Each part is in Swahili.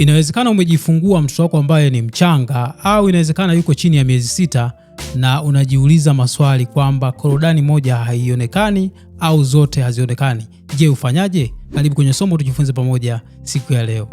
Inawezekana umejifungua mtoto wako ambaye ni mchanga au inawezekana yuko chini ya miezi sita na unajiuliza maswali kwamba korodani moja haionekani au zote hazionekani. Je, ufanyaje? Karibu kwenye somo tujifunze pamoja siku ya leo.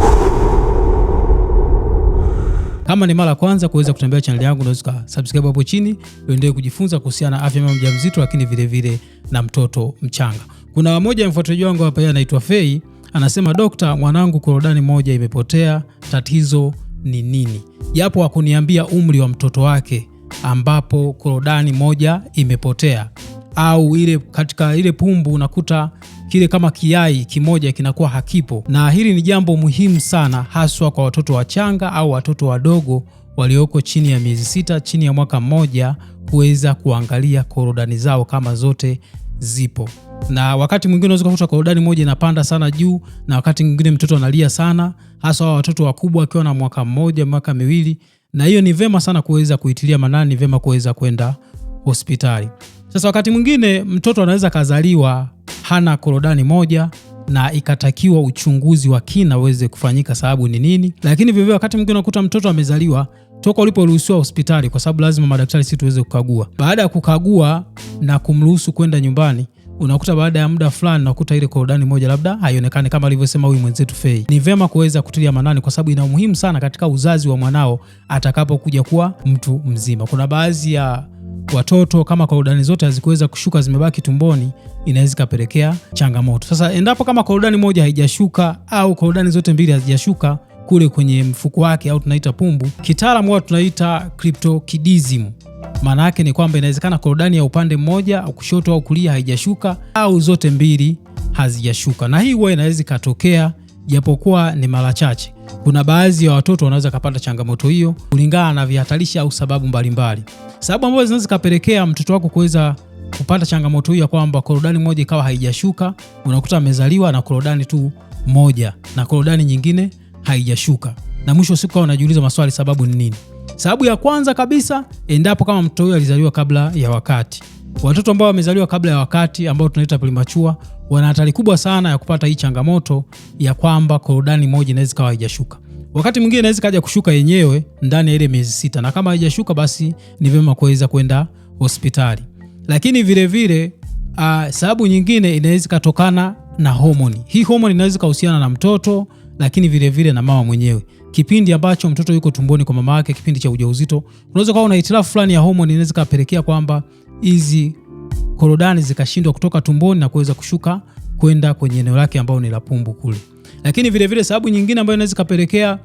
Kama ni mara ya kwanza kuweza kutembea chaneli yangu, unaweza subscribe hapo chini uendelee kujifunza kuhusiana na afya mama mjamzito, lakini vilevile vile na mtoto mchanga. Kuna mmoja mfuatiliaji wangu hapa, yeye anaitwa Fei anasema dokta, mwanangu korodani moja imepotea, tatizo ni nini? Japo hakuniambia umri wa mtoto wake ambapo korodani moja imepotea, au ile katika ile pumbu unakuta kile kama kiai kimoja kinakuwa hakipo, na hili ni jambo muhimu sana haswa kwa watoto wachanga au watoto wadogo walioko chini ya miezi sita, chini ya mwaka mmoja, kuweza kuangalia korodani zao kama zote zipo na wakati mwingine unaweza kukuta korodani moja inapanda sana juu, na wakati mwingine mtoto analia sana, hasa wa watoto wakubwa akiwa na mwaka mmoja mwaka miwili, na hiyo ni vema sana kuweza kuitilia maanani, ni vema kuweza kwenda hospitali. Sasa wakati mwingine mtoto anaweza kazaliwa hana korodani moja na ikatakiwa uchunguzi wa kina uweze kufanyika sababu ni nini. Lakini vivyo wakati mwingine unakuta mtoto amezaliwa toka uliporuhusiwa hospitali, kwa sababu lazima madaktari si tuweze kukagua. Baada ya kukagua na kumruhusu kwenda nyumbani, unakuta baada ya muda fulani nakuta ile korodani moja labda haionekani kama alivyosema huyu mwenzetu Fei. Ni vema kuweza kutilia manani, kwa sababu ina umuhimu sana katika uzazi wa mwanao atakapokuja kuwa mtu mzima. Kuna baadhi ya watoto kama korodani zote hazikuweza kushuka, zimebaki tumboni, inaweza ikapelekea changamoto. Sasa endapo kama korodani moja haijashuka au korodani zote mbili hazijashuka kule kwenye mfuko wake au tunaita pumbu, kitaalamu huwa tunaita cryptokidism. Maana yake ni kwamba inawezekana korodani ya upande mmoja au kushoto au kulia haijashuka au zote mbili hazijashuka, na hii huwa inaweza ikatokea japokuwa ni mara chache. Kuna baadhi ya watoto wanaweza kupata changamoto hiyo kulingana na vihatarishi au sababu mbalimbali. Sababu ambazo zinaweza kapelekea mtoto wako kuweza kupata changamoto hiyo ya kwamba korodani moja ikawa haijashuka, unakuta amezaliwa na korodani tu moja na korodani nyingine haijashuka, na mwisho siku unajiuliza maswali, sababu ni nini? Sababu ya kwanza kabisa, endapo kama mtoto huyo alizaliwa kabla ya wakati. Watoto ambao wamezaliwa kabla ya wakati ambao tunaita primachua wana hatari kubwa sana ya kupata hii changamoto ya kwamba korodani moja inaweza kawa haijashuka. Wakati mwingine inaweza kaja kushuka yenyewe ndani ya ile miezi sita, na kama haijashuka basi ni vyema kuweza kwenda hospitali. Lakini vile vile uh, sababu nyingine inaweza katokana na homoni. Hii homoni inaweza kahusiana na mtoto lakini vile vile na mama mwenyewe. Kipindi ambacho mtoto yuko tumboni kwa mama yake, kipindi cha ujauzito, unaweza kuwa una hitilafu fulani ya homoni, inaweza kapelekea kwamba hizi korodani zikashindwa kutoka tumboni na kuweza kushuka kwenda kwenye eneo lake ambao ni la pumbu kule. Lakini vile vile sababu nyingine ambayo inaweza kapelekea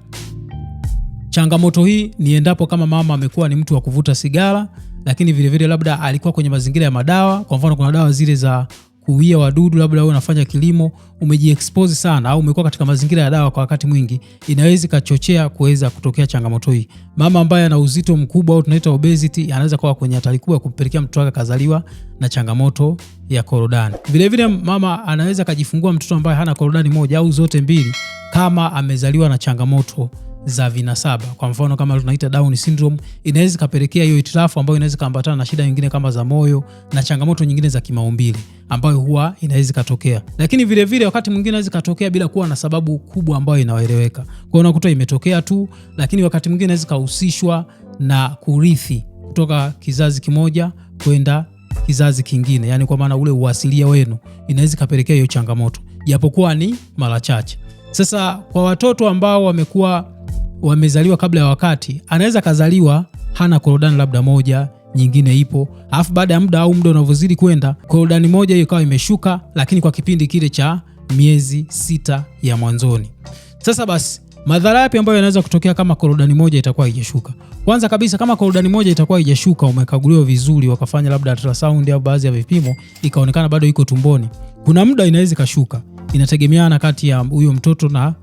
changamoto hii ni endapo kama mama amekuwa ni mtu wa kuvuta sigara, lakini vile vile labda alikuwa kwenye mazingira ya madawa. Kwa mfano kuna dawa zile za kuuia wadudu, labda wewe unafanya kilimo, umejiexpose sana au umekuwa katika mazingira ya dawa kwa wakati mwingi, inaweza ikachochea kuweza kutokea changamoto hii. Mama ambaye ana uzito mkubwa au tunaita obesity anaweza kuwa kwenye hatari kubwa ya kumpelekea mtoto wake kazaliwa na changamoto ya korodani. Vilevile mama anaweza akajifungua mtoto ambaye hana korodani moja au zote mbili kama amezaliwa na changamoto za vinasaba. Kwa mfano kama tunaita Down syndrome, inaweza ikapelekea hiyo hitilafu ambayo inaweza ikaambatana na shida nyingine kama za moyo na changamoto nyingine za kimaumbili ambayo huwa inaweza ikatokea, lakini vile vile, wakati mwingine inaweza ikatokea bila kuwa na sababu kubwa ambayo inaeleweka. Kwa unakuta imetokea tu, lakini wakati mwingine inaweza ikahusishwa na kurithi kutoka kizazi kimoja kwenda kizazi kingine, yani kwa maana ule uasilia wenu inaweza ikapelekea hiyo changamoto, japokuwa ni mara chache. Sasa kwa watoto ambao wamekuwa wamezaliwa kabla ya wakati, anaweza kazaliwa hana korodani labda moja nyingine ipo, alafu baada ya muda au muda unavyozidi kwenda korodani moja hiyo ikawa imeshuka, lakini kwa kipindi kile cha miezi sita ya mwanzoni. Sasa basi, madhara yapi ambayo yanaweza kutokea kama korodani moja itakuwa haijashuka? Kwanza kabisa, kama korodani moja itakuwa haijashuka, umekaguliwa vizuri, wakafanya labda ultrasound au baadhi ya vipimo, ikaonekana bado iko tumboni, kuna muda inaweza ikashuka, inategemeana kati ya huyo mtoto na,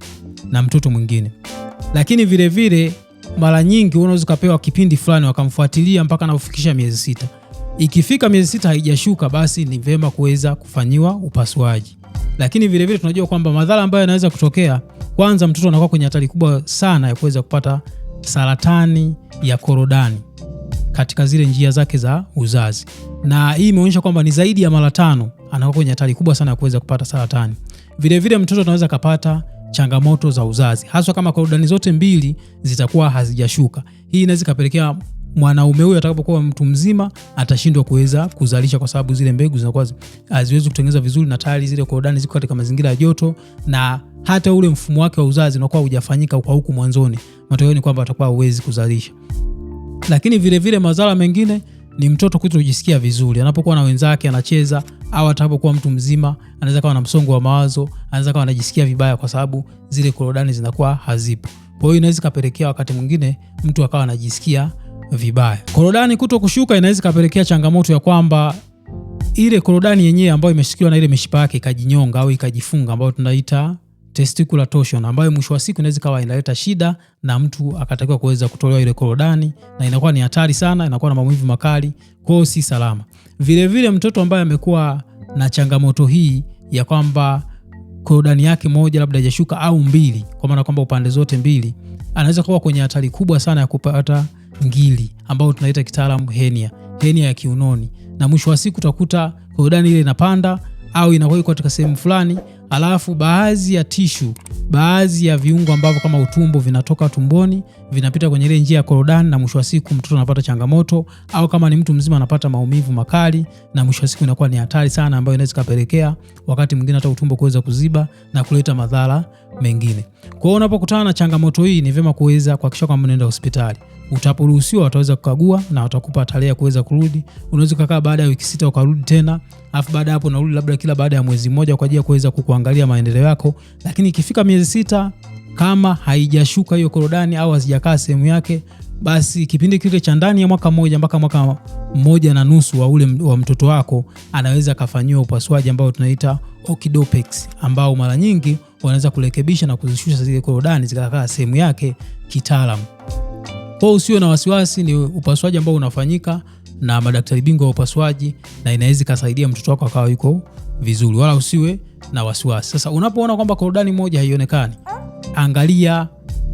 na mtoto mwingine. Lakini vile vile mara nyingi unaweza ukapewa kipindi fulani wakamfuatilia mpaka anapofikisha miezi sita. Ikifika miezi sita haijashuka, basi ni vema kuweza kufanyiwa upasuaji. Lakini vile vile tunajua kwamba madhara ambayo yanaweza kutokea, kwanza mtoto anakuwa kwenye hatari kubwa sana ya kuweza kupata saratani ya korodani katika zile njia zake za uzazi, na hii imeonyesha kwamba ni zaidi ya mara tano anakuwa kwenye hatari kubwa sana ya kuweza kupata saratani. vile mtoto anaweza kapata changamoto za uzazi, haswa kama korodani zote mbili zitakuwa hazijashuka. Hii inaweza ikapelekea mwanaume huyo atakapokuwa mtu mzima atashindwa kuweza kuzalisha kwa sababu zile mbegu zinakuwa haziwezi kutengeneza vizuri, na tayari zile korodani ziko katika mazingira ya joto, na hata ule mfumo wake wa uzazi unakuwa hujafanyika kwa huku mwanzoni. Matokeo ni kwamba atakuwa hawezi kuzalisha. Lakini vilevile madhara mengine ni mtoto kutojisikia vizuri anapokuwa na wenzake anacheza, au atakapokuwa mtu mzima anaweza kawa na msongo wa mawazo, anaweza kawa anajisikia vibaya kwa sababu zile korodani zinakuwa hazipo. Kwa hiyo inaweza ikapelekea wakati mwingine mtu akawa anajisikia vibaya. Korodani kuto kushuka inaweza ikapelekea changamoto ya kwamba ile korodani yenyewe ambayo imeshikiliwa na ile mishipa yake ikajinyonga au ikajifunga, ambayo tunaita testicular torsion ambayo mwisho wa siku inaweza kawa inaleta shida na mtu akatakiwa kuweza kutolewa ile korodani, na inakuwa ni hatari sana, inakuwa na maumivu makali, kwa hiyo si salama. Vile vile mtoto ambaye amekuwa na changamoto hii ya kwamba korodani yake moja labda haijashuka au mbili, kwa maana kwamba upande zote mbili, anaweza kuwa kwenye hatari kubwa sana ya kupata ngili ambayo tunaita kitaalamu henia, henia ya kiunoni, na mwisho wa siku utakuta korodani ile inapanda au inakuwa iko katika sehemu fulani alafu baadhi ya tishu, baadhi ya viungo ambavyo kama utumbo vinatoka tumboni vinapita kwenye ile njia ya korodani, na mwisho wa siku mtoto anapata changamoto, au kama ni mtu mzima anapata maumivu makali, na mwisho wa siku inakuwa ni hatari sana, ambayo inaweza kupelekea wakati mwingine hata utumbo kuweza kuziba na kuleta madhara mengine. Kwa hiyo unapokutana na changamoto hii, ni vyema kuweza kuhakikisha kwamba unaenda hospitali. Utaporuhusiwa wataweza kukagua na watakupa tarehe ya kuweza kurudi. Unaweza kukaa baada ya wiki sita ukarudi tena, alafu baada hapo unarudi labda kila baada ya mwezi mmoja kwa ajili ya kuweza kukuangalia maendeleo yako, lakini ikifika miezi sita kama haijashuka hiyo korodani au hazijakaa sehemu yake, basi kipindi kile cha ndani ya mwaka mmoja mpaka mwaka mmoja na nusu wa ule wa mtoto wako anaweza akafanyiwa upasuaji ambao tunaita okidopex, ambao mara nyingi wanaweza kurekebisha na kuzishusha zile korodani zikakaa sehemu yake kitaalamu. Kwa hiyo usiwe na wasiwasi, ni upasuaji ambao unafanyika na madaktari bingwa wa upasuaji na inaweza ikasaidia mtoto wako akawa yuko vizuri, wala usiwe na wasiwasi. Sasa unapoona kwamba korodani moja haionekani, angalia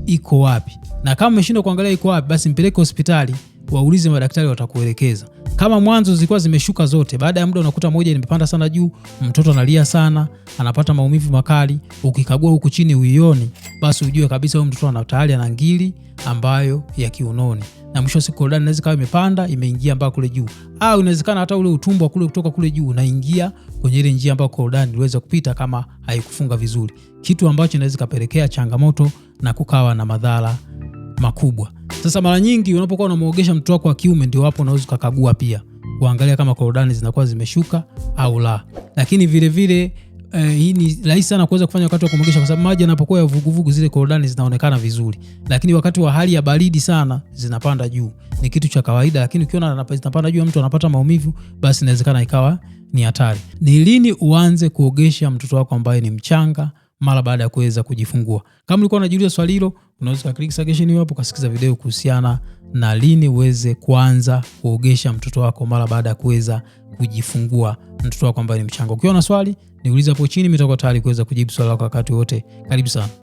iko wapi, na kama umeshindwa kuangalia iko wapi, basi mpeleke hospitali, waulize madaktari, watakuelekeza. Kama mwanzo zilikuwa zimeshuka zote, baada ya muda unakuta moja imepanda sana juu, mtoto analia sana, anapata maumivu makali, ukikagua huku chini uioni, basi ujue kabisa huyo mtoto ana tayari ana ngili ambayo ya kiunoni, na mwisho wa siku korodani inaweza kawa imepanda imeingia mpaka kule juu, au inawezekana hata ule utumbo kule kutoka kule juu unaingia kwenye ile njia ambayo korodani iliweza kupita kama haikufunga vizuri, kitu ambacho inaweza kapelekea changamoto na kukawa na madhara makubwa. Sasa mara nyingi unapokuwa unamuogesha mtoto wako wa kiume, ndio hapo unaweza kukagua pia kuangalia kama korodani zinakuwa zimeshuka au la, lakini vile vile, eh, hii ni rahisi sana kuweza kufanya wakati wa kumwagisha, kwa sababu maji yanapokuwa ya vuguvugu zile korodani zinaonekana vizuri, lakini wakati wa hali ya baridi sana zinapanda juu. Ni kitu cha kawaida, lakini ukiona zinapanda juu mtu anapata maumivu, basi inawezekana ikawa ni hatari. Ni lini uanze kuogesha mtoto wako ambaye ni mchanga mara baada ya kuweza kujifungua? Kama ulikuwa unajiuliza swali hilo, unaweza kuklik suggestion hapo ukasikiza video kuhusiana na lini uweze kuanza kuogesha mtoto wako mara baada ya kuweza kujifungua mtoto wako ambaye ni mchanga. Ukiwa na swali Niulize hapo chini, nitakuwa tayari kuweza kujibu swali lako wakati wote. Karibu sana.